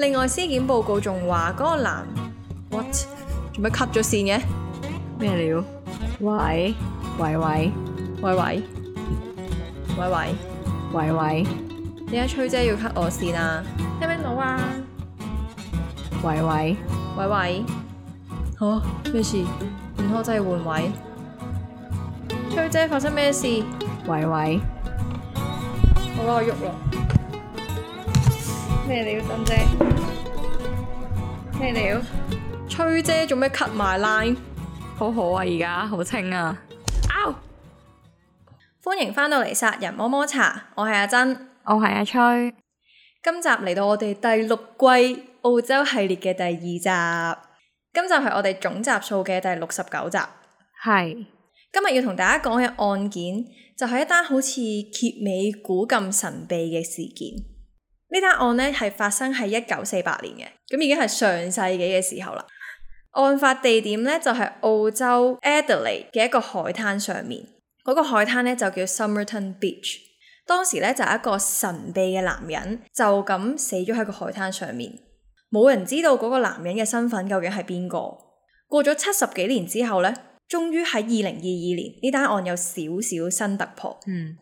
另外，屍檢報告仲話嗰個男 what 做咩 cut 咗線嘅？咩料？喂喂喂喂喂喂喂喂，點解崔姐要 cut 我線啊？聽唔聽到啊？喂喂喂喂，好！咩事？唔好真係換位。崔姐發生咩事？喂喂，好啦，我郁喇喂咩料珍姐？咩料？崔姐做咩 cut my line？好好啊，而家好清啊！啊！歡迎翻到嚟殺人摸摸茶，我係阿珍，我係阿崔。今集嚟到我哋第六季澳洲系列嘅第二集，今集係我哋總集數嘅第六十九集。係！今日要同大家講嘅案件，就係一單好似揭尾古咁神秘嘅事件。呢單案咧，係發生喺一九四八年嘅，咁已經係上世紀嘅時候啦。案發地點咧就係澳洲 Adelaide 嘅一個海灘上面，嗰、那個海灘咧就叫 Somerton Beach。當時咧就係一個神秘嘅男人，就咁死咗喺個海灘上面，冇人知道嗰個男人嘅身份究竟係邊個。過咗七十幾年之後咧，終於喺二零二二年呢單案有少少新突破。嗯。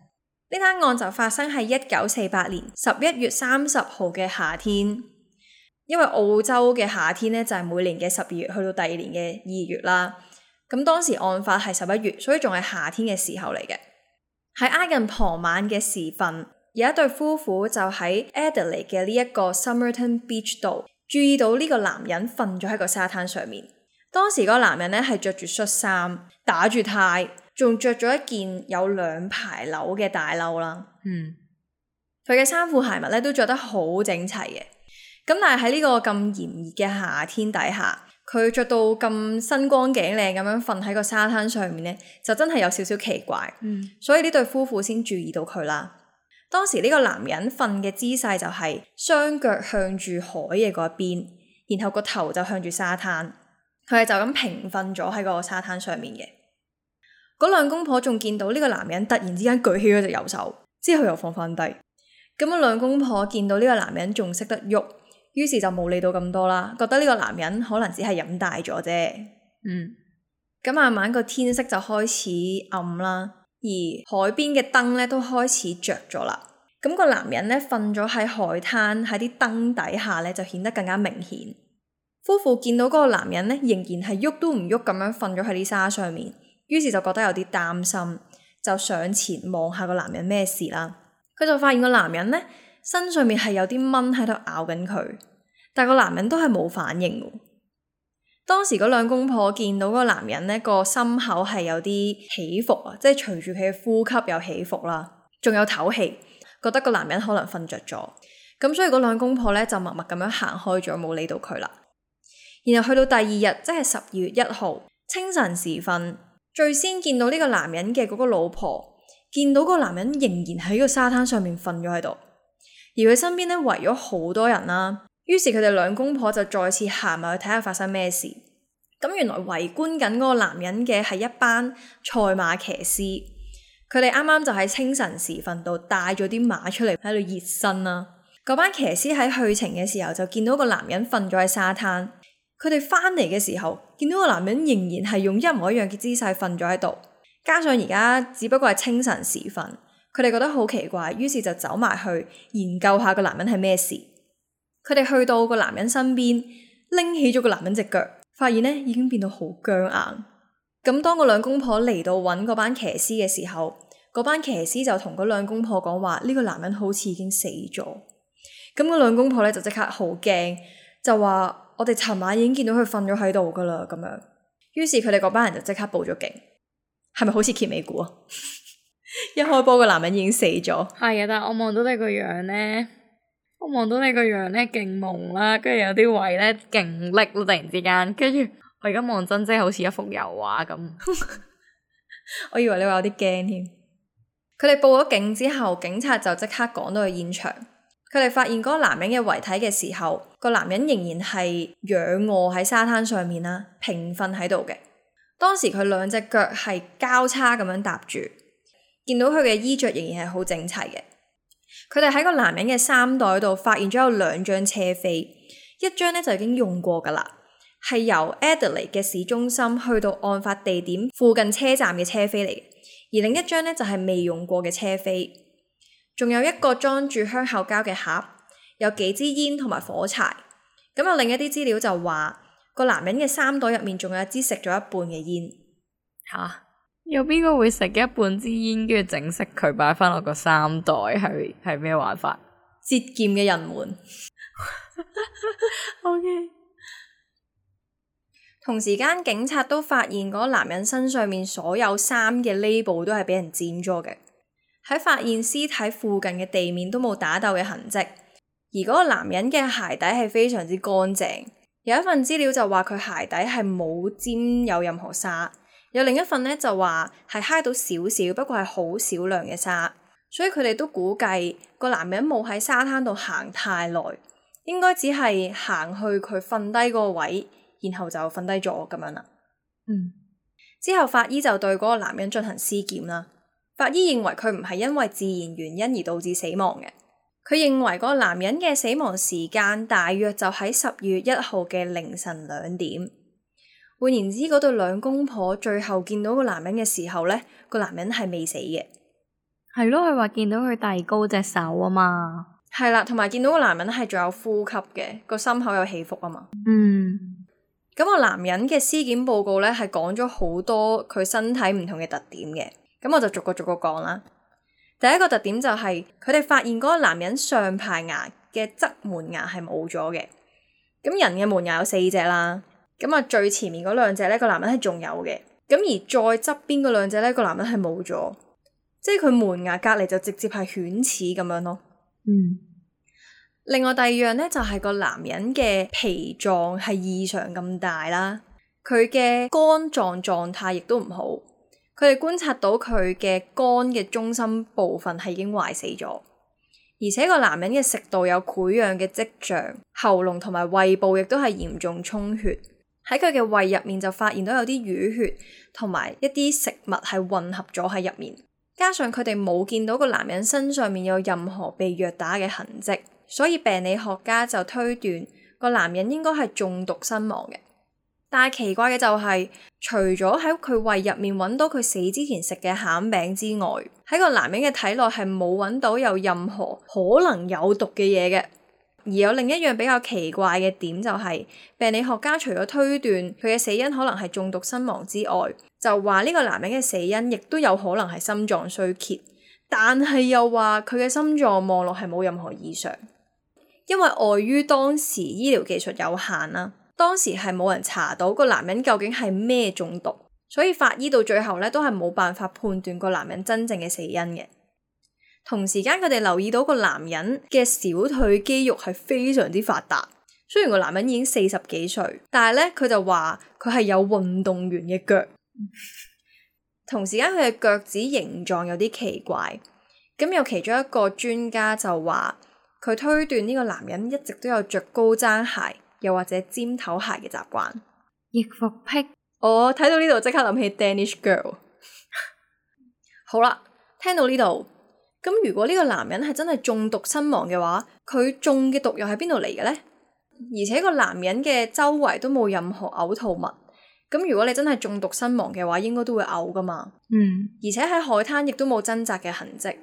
呢單案就發生喺一九四八年十一月三十號嘅夏天，因為澳洲嘅夏天咧就係每年嘅十二月去到第二年嘅二月啦。咁當時案發係十一月，所以仲係夏天嘅時候嚟嘅。喺挨近傍晚嘅時分，有一對夫婦就喺 Adelaide 嘅呢一個 Somerton Beach 度，注意到呢個男人瞓咗喺個沙灘上面。當時個男人咧係着住恤衫，打住呔。仲着咗一件有兩排紐嘅大褸啦，嗯，佢嘅衫褲鞋襪咧都着得好整齊嘅，咁但係喺呢個咁炎熱嘅夏天底下，佢着到咁身光頸靚咁樣瞓喺個沙灘上面呢，就真係有少少奇怪，嗯，所以呢對夫婦先注意到佢啦。當時呢個男人瞓嘅姿勢就係雙腳向住海嘅嗰一邊，然後個頭就向住沙灘，佢係就咁平瞓咗喺個沙灘上面嘅。嗰兩公婆仲見到呢個男人突然之間舉起咗隻右手，之後又放翻低。咁啊，兩公婆見到呢個男人仲識得喐，於是就冇理到咁多啦。覺得呢個男人可能只係飲大咗啫。嗯，咁慢慢個天色就開始暗啦，而海邊嘅燈咧都開始着咗啦。咁個男人咧瞓咗喺海灘喺啲燈底下咧，就顯得更加明顯。夫婦見到嗰個男人咧仍然係喐都唔喐咁樣瞓咗喺啲沙上面。於是就覺得有啲擔心，就上前望下個男人咩事啦。佢就發現個男人呢，身上面係有啲蚊喺度咬緊佢，但係個男人都係冇反應。當時嗰兩公婆見到嗰個男人呢，個心口係有啲起伏啊，即係隨住佢嘅呼吸有起伏啦，仲有唞氣，覺得個男人可能瞓着咗。咁所以嗰兩公婆呢就默默咁樣行開咗，冇理到佢啦。然後去到第二日，即係十二月一號清晨時分。最先見到呢個男人嘅嗰個老婆，見到個男人仍然喺個沙灘上面瞓咗喺度，而佢身邊咧圍咗好多人啦。於是佢哋兩公婆就再次行埋去睇下發生咩事。咁原來圍觀緊嗰個男人嘅係一班賽馬騎師，佢哋啱啱就喺清晨時分度帶咗啲馬出嚟喺度熱身啦。嗰班騎師喺去程嘅時候就見到個男人瞓咗喺沙灘。佢哋翻嚟嘅時候，見到個男人仍然係用一模一樣嘅姿勢瞓咗喺度，加上而家只不過係清晨時分，佢哋覺得好奇怪，於是就走埋去研究下個男人係咩事。佢哋去到個男人身邊，拎起咗個男人隻腳，發現呢已經變到好僵硬。咁當個兩公婆嚟到揾嗰班騎師嘅時候，嗰班騎師就同嗰兩公婆講話：呢、這個男人好似已經死咗。咁嗰兩公婆咧就即刻好驚，就話。我哋尋晚已經見到佢瞓咗喺度噶啦，咁樣。於是佢哋嗰班人就即刻報咗警，係咪好似揭尾股啊？ 一開波個男人已經死咗。係啊，但我望到你個樣咧，我望到你個樣咧，勁矇啦，跟住有啲位咧勁力，突然之間，跟住我而家望真真好似一幅油畫咁。 我以為你話有啲驚添。佢哋 報咗警之後，警察就即刻趕到去現場。佢哋發現嗰個男人嘅遺體嘅時候。個男人仍然係仰臥喺沙灘上面啦，平瞓喺度嘅。當時佢兩隻腳係交叉咁樣搭住，見到佢嘅衣着仍然係好整齊嘅。佢哋喺個男人嘅衫袋度發現咗有兩張車飛，一張呢就已經用過噶啦，係由 Adelaide 嘅市中心去到案發地點附近車站嘅車飛嚟，嘅，而另一張呢，就係未用過嘅車飛，仲有一個裝住香口膠嘅盒。有幾支煙同埋火柴咁，有另一啲資料就話個男人嘅衫袋入面仲有一支食咗一半嘅煙吓。有邊個會食一半支煙，跟住整熄佢擺翻落個衫袋？係係咩玩法？節儉嘅人們。 o Okay . K，同時間警察都發現嗰個男人身上面所有衫嘅呢布都係俾人剪咗嘅。喺發現屍體附近嘅地面都冇打鬥嘅痕跡。而嗰個男人嘅鞋底係非常之乾淨，有一份資料就話佢鞋底係冇沾有任何沙，有另一份呢，就話係揩到少少，不過係好少量嘅沙，所以佢哋都估計個男人冇喺沙灘度行太耐，應該只係行去佢瞓低嗰個位，然後就瞓低咗咁樣啦。嗯，之後法醫就對嗰個男人進行屍檢啦，法醫認為佢唔係因為自然原因而導致死亡嘅。佢認為個男人嘅死亡時間大約就喺十月一號嘅凌晨兩點。換言之，嗰對兩公婆最後見到個男人嘅時候咧，個男人係未死嘅。係咯，佢話見到佢遞高隻手啊嘛。係啦，同埋見到個男人係仲有呼吸嘅，個心口有起伏啊嘛。嗯，咁個男人嘅屍檢報告咧係講咗好多佢身體唔同嘅特點嘅，咁我就逐個逐個講啦。第一個特點就係佢哋發現嗰個男人上排牙嘅側門牙係冇咗嘅，咁人嘅門牙有四隻啦，咁啊最前面嗰兩隻咧個男人係仲有嘅，咁而再側邊嗰兩隻咧個男人係冇咗，即係佢門牙隔籬就直接係犬齒咁樣咯。嗯，另外第二樣咧就係、是、個男人嘅脾臟係異常咁大啦，佢嘅肝臟狀態亦都唔好。佢哋觀察到佢嘅肝嘅中心部分係已經壞死咗，而且個男人嘅食道有潰瘍嘅跡象，喉嚨同埋胃部亦都係嚴重充血，喺佢嘅胃入面就發現到有啲淤血同埋一啲食物係混合咗喺入面，加上佢哋冇見到個男人身上面有任何被虐打嘅痕跡，所以病理學家就推斷個男人應該係中毒身亡嘅。但奇怪嘅就係，除咗喺佢胃入面揾到佢死之前食嘅餡餅之外，喺個男人嘅體內係冇揾到有任何可能有毒嘅嘢嘅。而有另一樣比較奇怪嘅點就係，病理學家除咗推斷佢嘅死因可能係中毒身亡之外，就話呢個男人嘅死因亦都有可能係心臟衰竭，但係又話佢嘅心臟望落係冇任何異常，因為礙於當時醫療技術有限啦。當時係冇人查到個男人究竟係咩中毒，所以法醫到最後咧都係冇辦法判斷個男人真正嘅死因嘅。同時間佢哋留意到個男人嘅小腿肌肉係非常之發達，雖然個男人已經四十幾歲，但係咧佢就話佢係有運動員嘅腳。 同時間佢嘅腳趾形狀有啲奇怪，咁有其中一個專家就話佢推斷呢個男人一直都有着高踭鞋，又或者尖頭鞋嘅習慣，亦復辟。我睇到呢度即刻諗起 Danish Girl。 好啦，聽到呢度，咁如果呢個男人係真係中毒身亡嘅話，佢中嘅毒藥喺邊度嚟嘅呢？而且個男人嘅周圍都冇任何嘔吐物。咁如果你真係中毒身亡嘅話，應該都會嘔噶嘛。嗯。而且喺海灘亦都冇掙扎嘅痕跡。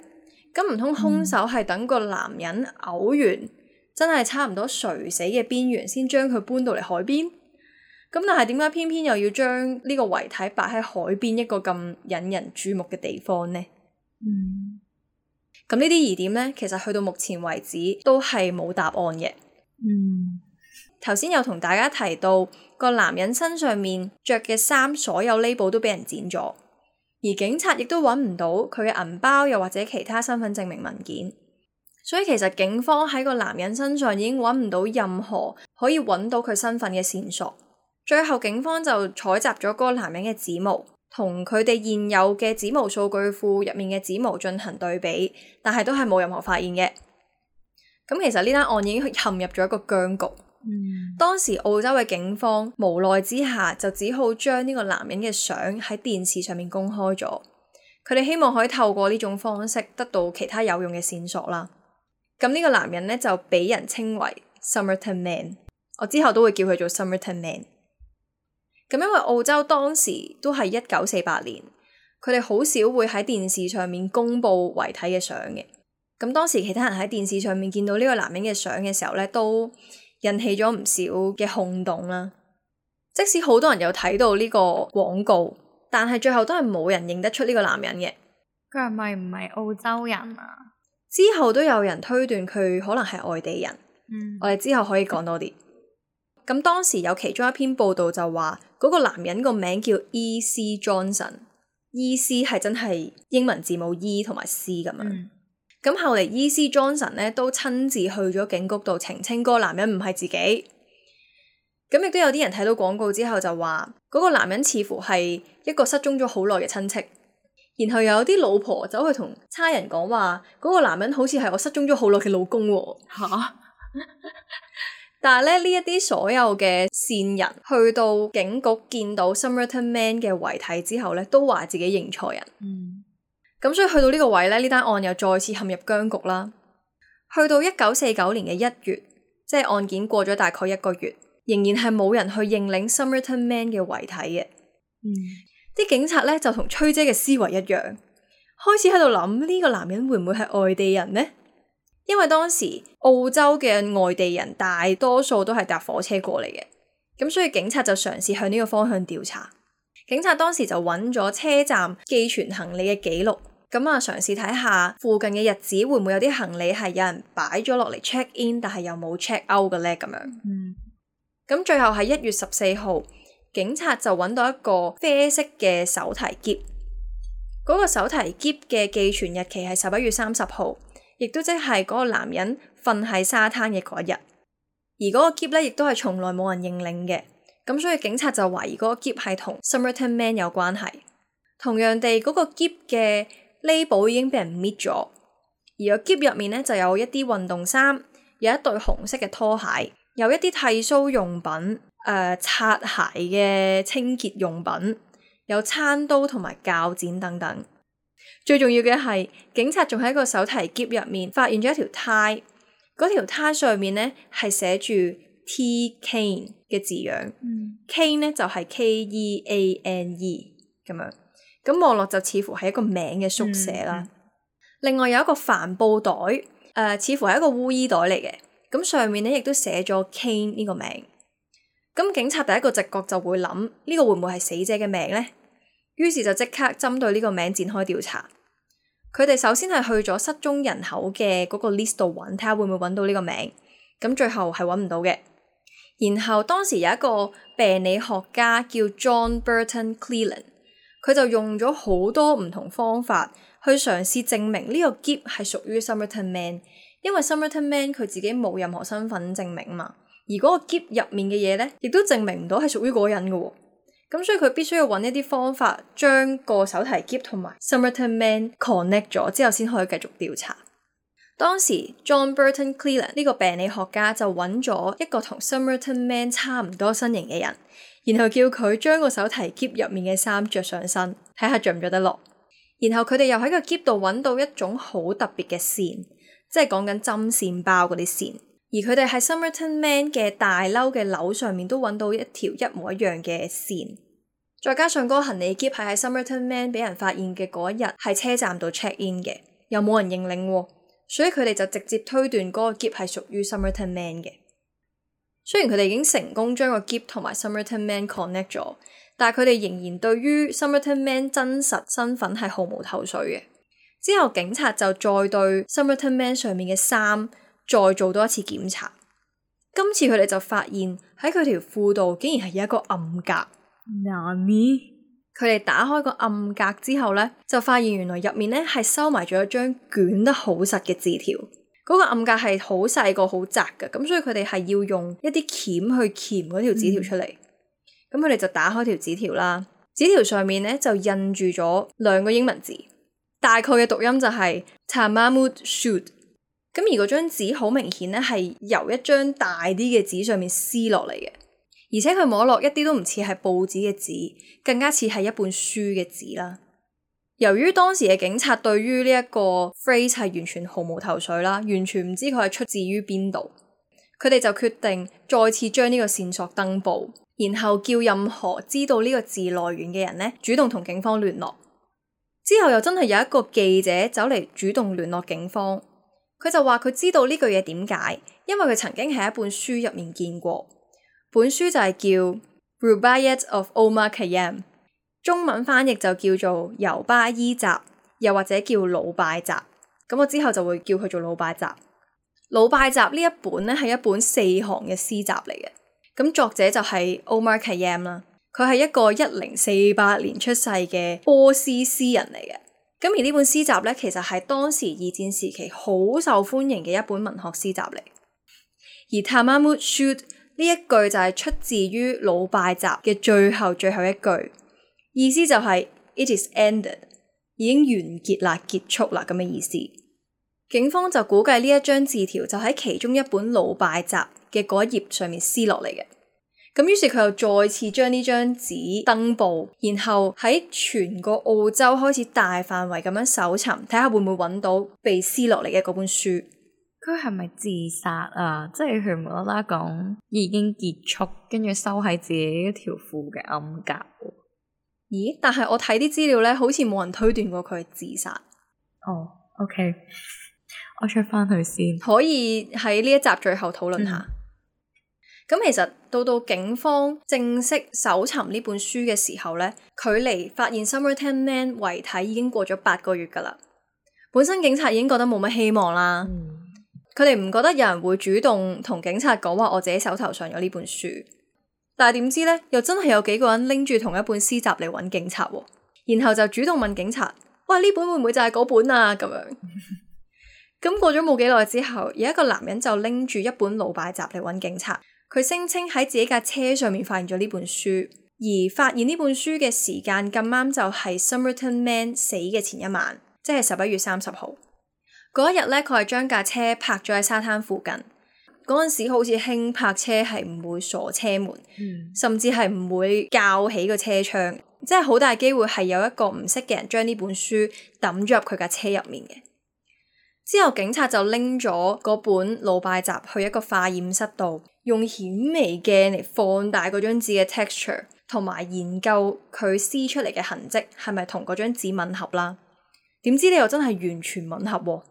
咁唔通凶手係等個男人嘔完？真係差唔多垂死嘅邊緣，先將佢搬到嚟海邊。咁但係點解偏偏又要將呢個遺體擺喺海邊一個咁引人注目嘅地方呢？嗯，咁呢啲疑點呢，其實去到目前為止都係冇答案嘅。嗯，頭先又同大家提到個男人身上面着嘅衫，所有呢部都俾人剪咗，而警察亦都揾唔到佢嘅銀包，又或者其他身份證明文件。所以其實警方喺個男人身上已經揾唔到任何可以揾到佢身份嘅線索。最後警方就採集咗嗰個男人嘅指模，同佢哋現有嘅指模數據庫入面嘅指模進行對比，但係都係冇任何發現嘅。咁其實呢單案已經陷入咗一個僵局。當時澳洲嘅警方無奈之下就只好將呢個男人嘅相喺電視上面公開咗，佢哋希望可以透過呢種方式得到其他有用嘅線索啦。咁呢個男人呢，就俾人稱為 Somerton Man，我之後都會叫佢做 Somerton Man。咁因為澳洲當時都係一九四八年，佢哋好少會喺電視上面公布遺體嘅相嘅。咁當時其他人喺電視上面見到呢個男人嘅相嘅時候呢，都引起咗唔少嘅轟動啦。即使好多人有睇到呢個廣告，但係最後都係冇人認得出呢個男人嘅。佢係咪唔係澳洲人啊？之後都有人推斷佢可能係外地人，嗯、我哋之後可以講多啲。咁當時有其中一篇報道就話嗰、嗰個男人個名叫 E.C. Johnson，E.C. 係真係英文字母 E 同埋 C 咁樣。咁、嗯、後嚟 E.C. Johnson 咧都親自去咗警局度澄清嗰個男人唔係自己。咁亦都有啲人睇到廣告之後就話嗰、嗰個男人似乎係一個失蹤咗好耐嘅親戚。然後又有啲老婆走去同差人講話，嗰 個男人好似係我失蹤咗好耐嘅老公、啊。吓！ 但係咧呢一啲所有嘅線人去到警局見到 Somerton Man 嘅遺體之後咧，都話自己認錯人。嗯。咁所以去到呢個位咧，呢單案又再次陷入僵局啦。去到一九四九年嘅一月，即係案件過咗大概一個月，仍然係冇人去認領 Somerton Man 嘅遺體嘅。嗯。啲警察咧就同崔姐嘅思維一樣，開始喺度諗呢個男人會唔會係外地人呢？因為當時澳洲嘅外地人大多數都係搭火車過嚟嘅，咁所以警察就嘗試向呢個方向調查。警察當時就揾咗車站寄存行李嘅記錄，咁啊嘗試睇下附近嘅日子會唔會有啲行李係有人擺咗落嚟 check in，但係又冇 check out 嘅咧咁樣。嗯，咁最後係一月十四號。警察就揾到一個啡色嘅手提篋，嗰個手提篋嘅寄存日期係十一月三十號，亦都即係嗰個男人瞓喺沙灘嘅嗰日。而嗰個篋咧，亦都係從來冇人認領嘅。咁所以警察就懷疑嗰個篋係同 Somerton Man 有關係。同樣地，嗰個篋嘅 label 已經俾人搣咗，而個篋入面呢，就有一啲運動衫，有一對紅色嘅拖鞋，有一啲剃鬚用品，擦、呃、鞋嘅清潔用品，有餐刀同埋鉸剪等等。最重要嘅係，警察仲喺個手提篋入面發現咗一條呔，嗰條 tie 上面呢係寫住 T. Keane 嘅字樣。嗯 Keane 呢就係、K 呢就係 K-E-A-N-E 咁樣，咁望落就似乎係一個名嘅縮寫啦。嗯、另外有一個帆布袋，呃、似乎係一個巫衣袋嚟嘅，咁上面呢亦都寫咗 Keane 呢個名。咁警察第一個直覺就會諗：「呢個會唔會係死者嘅名呢？」於是就即刻針對呢個名展開調查。佢哋首先係去咗失蹤人口嘅嗰個 list 度揾，睇下會唔會揾到呢個名。咁最後係揾唔到嘅。然後當時有一個病理學家叫 John Burton Cleland，佢就用咗好多唔同方法去嘗試證明呢個骨係屬於 Somerton Man，因為 Somerton Man 佢自己冇任何身份證明嘛。而嗰個箧入面嘅嘢呢，亦都證明唔到係屬於嗰個人嘅、哦，咁所以佢必須要揾一啲方法將個手提箧同埋 Somerton Man connect 咗之後，先可以繼續調查。當時 John Burton Cleland 呢個病理學家就揾咗一個同 Somerton Man 差唔多身形嘅人，然後叫佢將個手提箧入面嘅衫着上身，睇下着唔着得落。然後佢哋又喺個箧度揾到一種好特別嘅線，即係講緊針線包嗰啲線。而佢哋喺 Somerton Man 嘅大褸嘅褸上面都揾到一條一模一樣嘅線，再加上嗰個行李篋係喺 Somerton Man 俾人發現嘅嗰一日喺車站度 check in 嘅，又冇人認領，所以佢哋就直接推斷嗰個篋係屬於 Somerton Man 嘅。雖然佢哋已經成功將個篋同埋 Somerton Man connect 咗，但係佢哋仍然對於 Somerton Man 真實身份係毫無頭緒嘅。之後警察就再對 Somerton Man 上面嘅衫。再做多一次檢查，今次佢哋就發現喺佢條褲度，竟然係有一個暗格。難免佢哋打開個暗格之後呢，就發現原來入面呢係收埋咗一張捲得好實嘅紙條。嗰個暗格係好細個、好窄嘅，咁所以佢哋係要用一啲鉗去鉗嗰條紙條出嚟。咁佢哋就打開條紙條啦，紙條上面呢就印住咗兩個英文字，大概嘅讀音就係 Tamamud Shud。咁而嗰張紙好明顯咧，係由一張大啲嘅紙上面撕落嚟嘅，而且佢摸落一啲都唔似係報紙嘅紙，更加似係一本書嘅紙啦。由於當時嘅警察對於呢一個 phrase 係完全毫無頭緒啦，完全唔知佢係出自於邊度，佢哋就決定再次將呢個線索登報，然後叫任何知道呢個字來源嘅人咧主動同警方聯絡。之後又真係有一個記者走嚟主動聯絡警方。佢就話佢知道呢句嘢點解，因為佢曾經喺一本書入面見過，本書就係叫《Rubaiyat of Omar Khayyam》，中文翻譯就叫做《尤巴伊集》，又或者叫《魯拜集》。咁我之後就會叫佢做《魯拜集》。《魯拜集》呢一本呢係一本四行嘅詩集嚟嘅，咁作者就係 Omar Khayyam 啦，佢係一個一零四八年出世嘅波斯詩人嚟嘅。咁而呢本詩集咧，其實係當時二戰時期好受歡迎嘅一本文學詩集嚟。而 Tamam Shud 呢一句就係出自於《老拜集》嘅最後最後一句，意思就係、是、“It is ended”，已經完結啦，結束啦咁嘅意思。警方就估計呢一張字條就喺其中一本《老拜集》嘅嗰一頁上面撕落嚟嘅。咁於是佢又再次將呢張紙登報，然後喺全個澳洲開始大範圍咁樣搜尋，睇下會唔會揾到被撕落嚟嘅嗰本書。佢係咪自殺啊？即係佢無啦啦講已經結束，跟住收喺自己一條褲嘅暗格。咦？但係我睇啲資料咧，好似冇人推斷過佢係自殺。哦、oh，OK，我出翻去先，可以喺呢一集最後討論下。嗯咁其實到到警方正式搜尋呢本書嘅時候呢，距離發現 Somerton Man 遺體已經過咗八個月噶啦。本身警察已經覺得冇乜希望啦，佢哋唔覺得有人會主動同警察講話，我自己手頭上有呢本書。但係點知呢，又真係有幾個人拎住同一本詩集嚟揾警察，然後就主動問警察：喂，呢本會唔會就係嗰本啊？咁樣。咁 過咗冇幾耐之後，有一個男人就拎住一本魯拜集嚟揾警察。佢聲稱喺自己架車上面發現咗呢本書，而發現呢本書嘅時間咁啱就係 Somerton Man 死嘅前一晚，即係十一月三十號嗰一日咧。佢係將架車泊咗喺沙灘附近嗰陣時，好似輕泊車，係唔會鎖車門，嗯、甚至係唔會校起個車窗，即係好大機會係有一個唔識嘅人將呢本書揼咗入佢架車入面嘅。之後，警察就拎咗嗰本《魯拜集》去一個化驗室度。用顯微鏡嚟放大嗰張紙嘅 texture，同埋研究佢撕出嚟嘅痕跡係咪同嗰張紙吻合啦？點知你又真係完全吻合喎！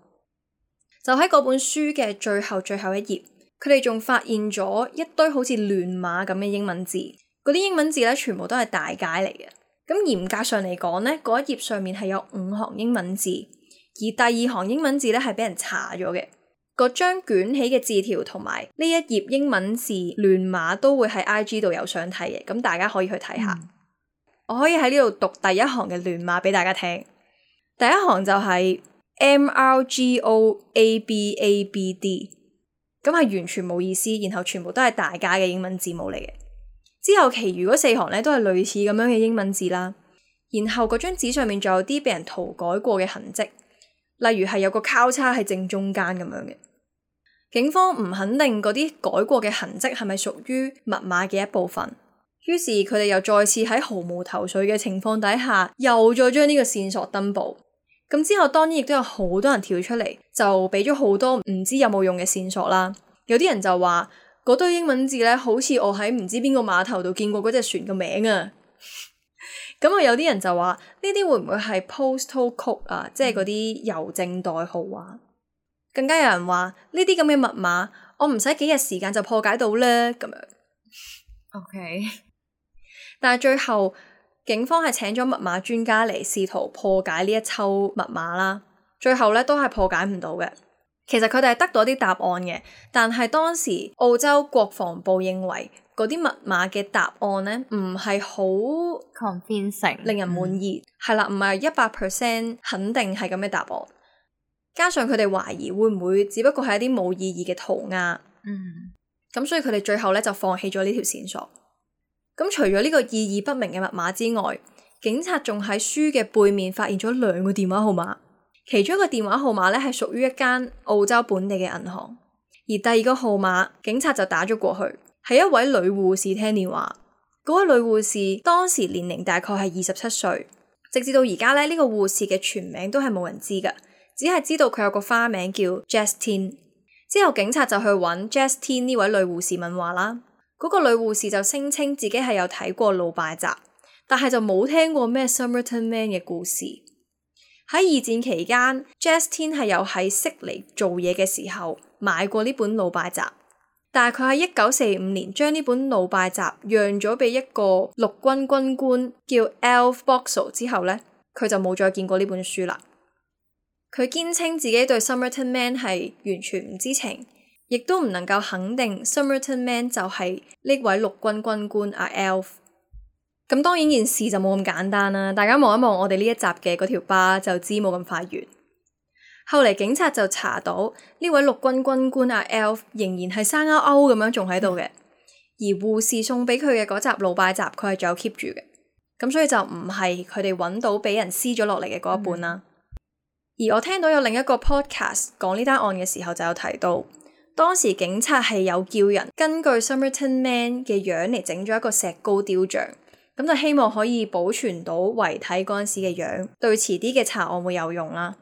就喺嗰本書嘅最後最後一頁，佢哋仲發現咗一堆好似亂碼咁嘅英文字，嗰啲英文字咧，全部都係大楷嚟嘅。咁嚴格上嚟講咧，嗰一頁上面係有五行英文字，而第二行英文字咧係俾人叉咗嘅。嗰張捲起嘅字條同埋呢一頁英文字亂碼都會喺 I G 度有相睇嘅，咁大家可以去睇下。嗯、我可以喺呢度讀第一行嘅亂碼俾大家聽。第一行就係 M R G O A B A B D，咁係完全冇意思，然後全部都係大家嘅英文字母嚟嘅。之後其餘嗰四行咧都係類似咁樣嘅英文字啦。然後嗰張紙上面仲有啲被人塗改過嘅痕迹，例如係有個交叉喺正中間咁樣嘅。警方唔肯定嗰啲改過嘅痕跡係咪屬於密碼嘅一部分，於是佢哋又再次喺毫無頭緒嘅情況底下，又再將呢個線索登報。咁之後當然亦都有好多人跳出嚟，就俾咗好多唔知有冇用嘅線索啦。有啲人就話嗰堆英文字呢，好似我喺唔知邊個碼頭度見過嗰隻船嘅名啊。咁啊，有啲人就話呢啲會唔會係 postal code 啊，即係嗰啲郵政代號啊？更加有人話呢啲咁嘅密碼，我唔使幾日時間就破解到咧，咁樣。OK，但係最後警方係請咗密碼專家嚟試圖破解呢一抽密碼啦，最後咧都係破解唔到嘅。其實佢哋係得到啲答案嘅，但係當時澳洲國防部認為嗰啲密碼嘅答案咧唔係好 convincing，令人滿意。係啦，嗯，唔係一百 percent 肯定係咁嘅答案。加上佢哋懷疑會唔會，只不過係一啲冇意義嘅塗鴉。嗯，咁所以佢哋最後咧就放棄咗呢條線索。咁除咗呢個意義不明嘅密碼之外，警察仲喺書嘅背面發現咗兩個電話號碼。其中一個電話號碼咧係屬於一間澳洲本地嘅銀行，而第二個號碼警察就打咗過去，係一位女護士聽電話。嗰位女護士當時年齡大概係二十七歲，直至到而家咧呢個護士嘅全名都係冇人知噶。只係知道佢有個花名叫 Jestine。之後警察就去揾 Jestine 呢位女護士問話啦。嗰、嗰個女護士就聲稱自己係有睇過《魯拜集》，但係就冇聽過咩《Somerton Man》嘅故事。喺二戰期間，Jestine 係有喺悉尼做嘢嘅時候買過呢本《魯拜集》，但係佢喺一九四五年將呢本《魯拜集》讓咗俾一個陸軍軍官叫 Alf Boxall 之後呢，佢就冇再見過呢本書啦。佢堅稱自己對 Somerton Man 係完全唔知情，亦都唔能夠肯定 Somerton Man 就係呢位陸軍軍官阿 Alf。咁當然件事就冇咁簡單啦。大家望一望我哋呢一集嘅嗰條疤就知冇咁快完。後嚟警察就查到呢位陸軍軍官阿 Alf 仍然係生勾勾咁樣仲喺度嘅，而護士送俾佢嘅嗰集魯拜集佢係仲有 keep 住嘅。咁所以就唔係佢哋揾到俾人撕咗落嚟嘅嗰一半啦。嗯而我聽到有另一個 podcast 講呢單案嘅時候，就有提到當時警察係有叫人根據 Somerton Man 嘅樣嚟整咗一個石膏雕像，咁就希望可以保存到遺體嗰陣時嘅樣，對遲啲嘅查案會有用啦。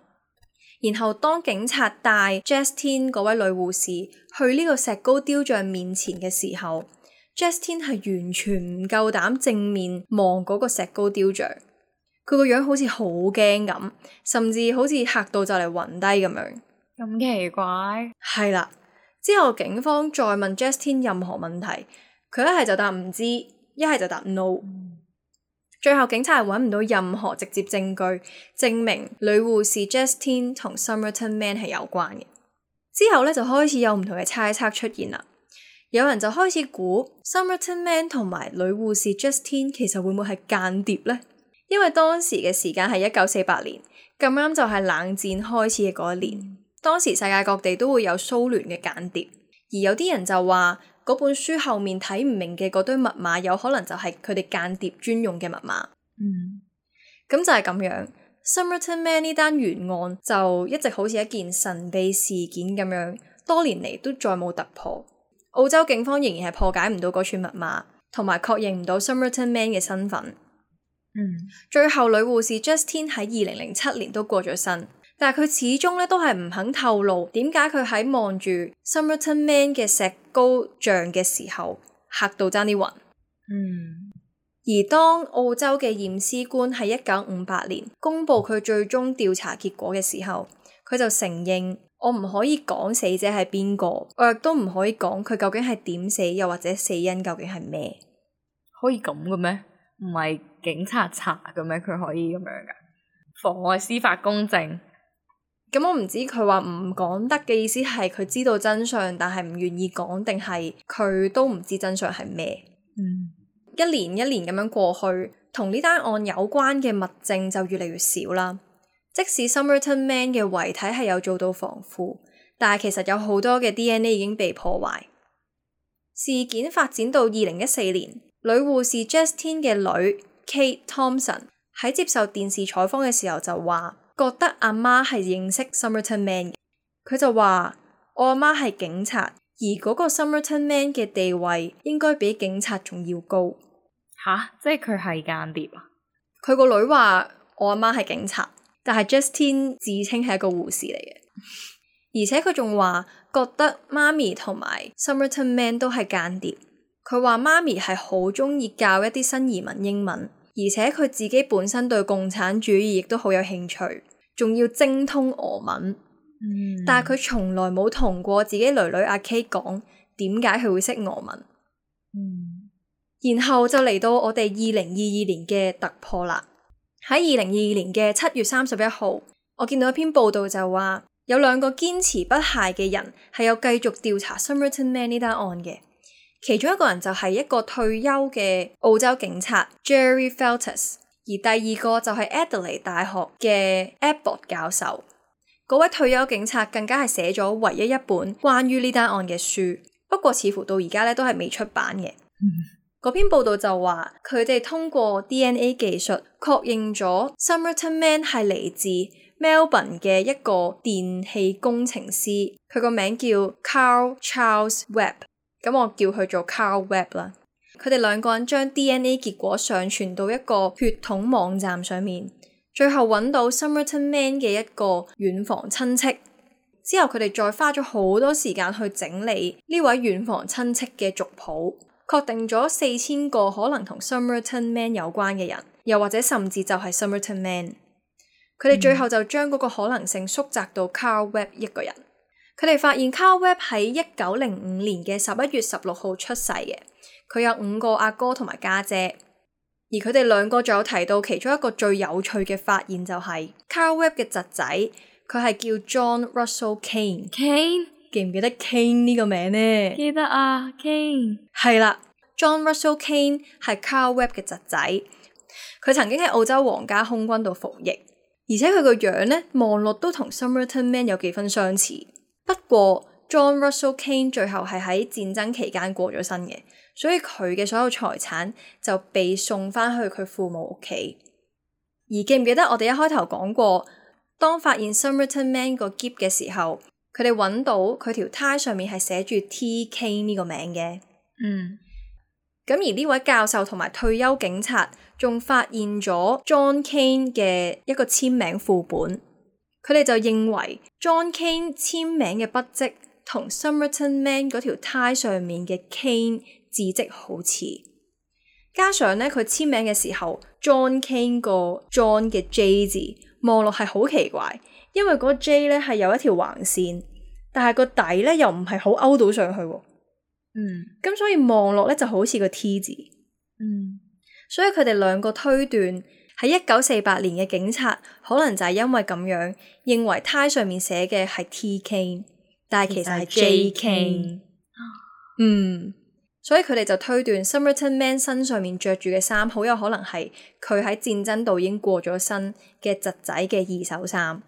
然後當警察帶 Jestine 嗰位女護士去呢個石膏雕像面前嘅時候，Jestine 係 完全唔夠膽正面望嗰個石膏雕像。佢個樣好似好驚咁，甚至好似嚇到就嚟暈低咁樣。咁奇怪？係啦。之後警方再問 Justin 任何問題，佢一係就答唔知，一係就答 no。最後警察係揾唔到任何直接證據證明女護士 Justin 同 Somerton Man 係有關嘅。之後咧就開始有唔同嘅猜測出現啦。有人就開始估 Somerton Man 同埋女護士 Justin 其實會唔會係間諜咧？因為當時嘅時間係一九四八年，咁啱就係冷戰開始嘅嗰一年。當時世界各地都會有蘇聯嘅間諜，而有啲人就話嗰本書後面睇唔明嘅嗰堆密碼，有可能就係佢哋間諜專用嘅密碼。嗯，咁、嗯、就係咁樣 Somerton Man 呢單懸案就一直好似一件神秘事件咁樣，多年嚟，都再冇突破。澳洲警方仍然係破解唔到嗰串密碼，同埋確認唔到 Somerton Man 嘅身份。嗯，最後女護士 Justine 喺二零零七年都過咗身，但係佢始終咧都係唔肯透露點解佢喺望住 Somerton Man 嘅石膏像嘅時候嚇到爭啲暈。嗯，而當澳洲嘅驗屍官喺一九五八年公布佢最終調查結果嘅時候，佢就承認，我唔可以講死者係邊個，我亦都唔可以講佢究竟係點死，又或者死因究竟係咩。可以咁嘅咩？唔係警察查嘅咩？佢可以咁樣噶，妨礙司法公正。咁我唔知佢話唔講得嘅意思係佢知道真相但係唔願意講，定係佢都唔知真相係咩？嗯，一年一年咁樣過去，同呢單案有關嘅物證就越嚟越少啦。即使 Somerton Man 嘅遺體係有做到防腐，但係其實有好多嘅 DNA 已經被破壞。事件發展到二零一四年。女護士 Justin 嘅女 Kate Thompson 喺接受電視採訪嘅時候就話，覺得阿媽係認識 Somerton Man 嘅。佢就話我阿媽係警察，而嗰個 Somerton Man 嘅地位應該比警察仲要高。吓，即係佢係間諜啊？佢個女話我阿媽係警察，但係 Justin 自稱係一個護士嚟嘅，而且佢仲話覺得媽咪同埋 Somerton Man 都係間諜。佢話媽咪係好中意教一啲新移民英文，而且佢自己本身對共產主義亦都好有興趣，仲要精通俄文。嗯，但係佢從來冇同過自己女女阿 K 講點解佢會識俄文。嗯，然後就嚟到我哋二零二二年嘅突破啦。喺二零二二年嘅七月三十一號，我見到一篇報道就話有兩個堅持不懈嘅人係有繼續調查 Somerton Man 呢單案嘅。其中一個人就係一個退休嘅澳洲警察 Jerry Feltus，而第二個就係 Adelaide 大學嘅 Abbott 教授。嗰位退休警察更加係寫咗唯一一本關於呢單案嘅書，不過似乎到而家咧都係未出版嘅。嗰 篇報道就話佢哋通過 DNA 技術確認咗 Somerton Man 係嚟自 Melbourne 嘅一個電氣工程師，佢個名叫 Carl Charles Webb。咁我叫佢做 Carl Webb 啦，佢哋兩個人將 DNA 結果上傳到一個血統網站上面，最後揾到 Somerton Man 嘅一個遠房親戚，之後佢哋再花咗好多時間去整理呢位遠房親戚嘅族譜，確定咗四千個可能同 Somerton Man 有關嘅人，又或者甚至就係 Somerton Man，佢哋最後就將嗰個可能性縮窄到 Carl Webb 一個人。佢哋發現 Carl Webb 喺一九零五年嘅十一月十六號出世嘅。佢有五個阿哥同埋家姐，而佢哋兩個仲有提到其中一個最有趣嘅發現就係、是、Carl Webb 嘅侄仔，佢係叫 John Russell Kane。Kane，記唔記得 Kane 呢個名呢？記得啊，Kane 係啦，John Russell Kane 係 Carl Webb 嘅侄仔。佢曾經喺澳洲皇家空軍度服役，而且佢個樣呢，望落都同 Somerton Man 有幾分相似。不過 John Russell Kane 最後係喺戰爭期間過咗身嘅，所以佢嘅所有財產就被送翻去佢父母屋企。而記唔記得我哋一開頭講過，當發現 Somerton Man 個篋嘅時候，佢哋揾到佢條 tie 上面係寫住 T.K 呢個名嘅。嗯，咁而呢位教授同埋退休警察仲發現咗 John Kane 嘅一個簽名副本。佢哋就認為 John Kane 簽名嘅筆跡同 Somerton Man 嗰條 tie 上面嘅 Kane 字跡好似，加上咧佢簽名嘅時候，John Kane 個 John 嘅 J 字望落係好奇怪，因為嗰 J 咧係有一條橫線，但係個底咧又唔係好勾到上去，嗯，咁所以望落咧就好似個 T 字，嗯，所以佢哋兩個推斷。喺一九四八年嘅警察，可能就係因為咁樣認為 tie 上面寫嘅係 TK，但係其實係 JK。 嗯，所以佢哋就推斷 Somerton Man 身上面着住嘅衫，好有可能係佢喺戰爭度已經過咗身嘅侄仔嘅二手衫。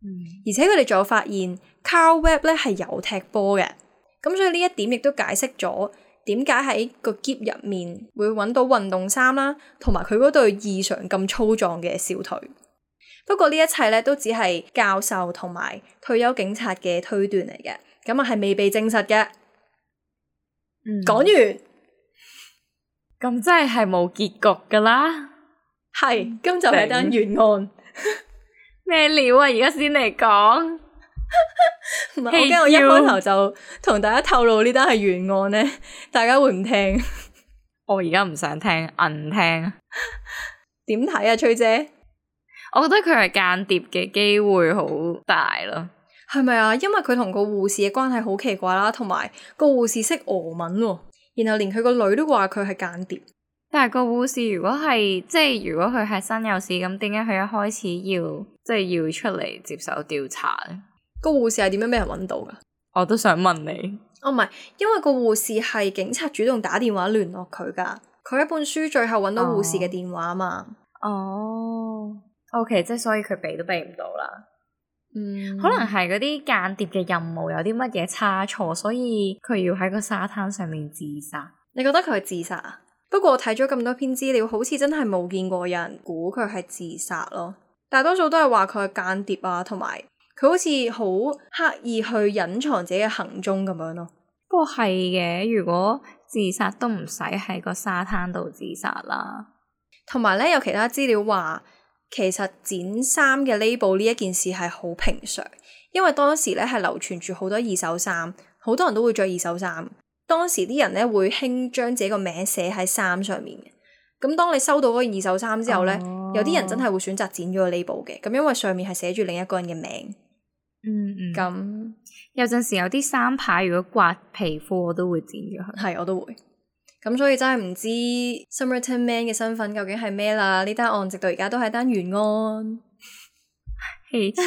嗯、而且佢哋仲有發現 Carl Webb 咧係有踢波嘅，咁所以呢一點亦都解釋咗。點解喺個篋入面會揾到運動衫啦，同埋佢嗰對異常咁粗壯嘅小腿？不過呢一切呢，都只係教授同埋退休警察嘅推斷嚟嘅，咁啊係未被證實嘅。嗯、講完，咁真係係冇結局噶啦，係是，嗯、咁就係單懸棒原案，咩 料啊？而家先嚟講。唔係， 是我驚我一開頭就同大家透露呢單係懸案呢，大家會唔聽？ 我而家唔想聽唔聽，點 睇啊？崔姐，我覺得佢係間諜嘅機會好大咯，係咪啊？因為佢同個護士嘅關係好奇怪啦，同埋個護士識俄文，然後連佢個女都話佢係間諜。但係個護士如果係即係如果佢係新有事咁，點解佢一開始要即係、就是、要出嚟接受調查呢？個護士係點樣俾人揾到噶？我都想問你。哦，唔係，因為個護士係警察主動打電話聯絡佢噶。佢一本書最後揾到護士嘅電話嘛？哦，OK，即係所以佢避都避唔到啦。嗯，mm. 可能係嗰啲間諜嘅任務有啲乜嘢差錯，所以佢要喺個沙灘上面自殺。你覺得佢係自殺？不過我睇咗咁多篇資料，好似真係冇見過有人估佢係自殺咯。大多數都係話佢係間諜啊，同埋。佢好似好刻意去隱藏自己嘅行蹤咁樣咯、啊。不過係嘅，如果自殺都唔使喺個沙灘度自殺啦。同埋咧，有其他資料話，其實剪衫嘅 label 呢一件事係好平常，因為當時咧係流傳住好多二手衫，好多人都會着二手衫。當時啲人咧會興將自己個名寫喺衫上面嘅。咁當你收到嗰件二手衫之後咧，哦、有啲人真係會選擇剪咗個 label 嘅。咁因為上面係寫住另一個人嘅名。嗯，咁、嗯、那有陣時有啲衫牌，如果刮皮膚，我都會剪咗佢。係，我都會。咁所以真係唔知 Somerton Man 嘅身份究竟係咩啦？呢單案直到而家都係單懸案。氣超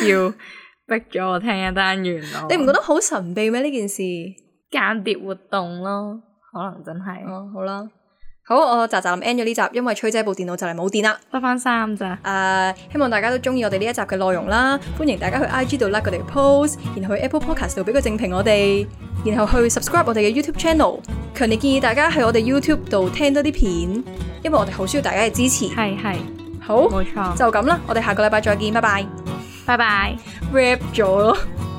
逼咗我聽一單懸案，你唔覺得好神秘咩？呢件事間諜活動咯，可能真係。哦、啊，好啦。好，我喳喳咁 end 咗呢集，因為吹姐部電腦就嚟冇電啦，得返三咋。誒，uh, 希望大家都中意我哋呢一集嘅內容啦，歡迎大家去 I G 度 Like 我哋嘅 post，然後去 Apple Podcast 度俾個正評我哋，然後去 subscribe 我哋嘅 YouTube Channel，強烈建議大家喺我哋 YouTube 度聽多啲片，因為我哋好需要大家嘅支持。係係，錯，好，冇錯，就咁啦，我哋下個禮拜再見，拜拜，拜拜，rap 咗咯。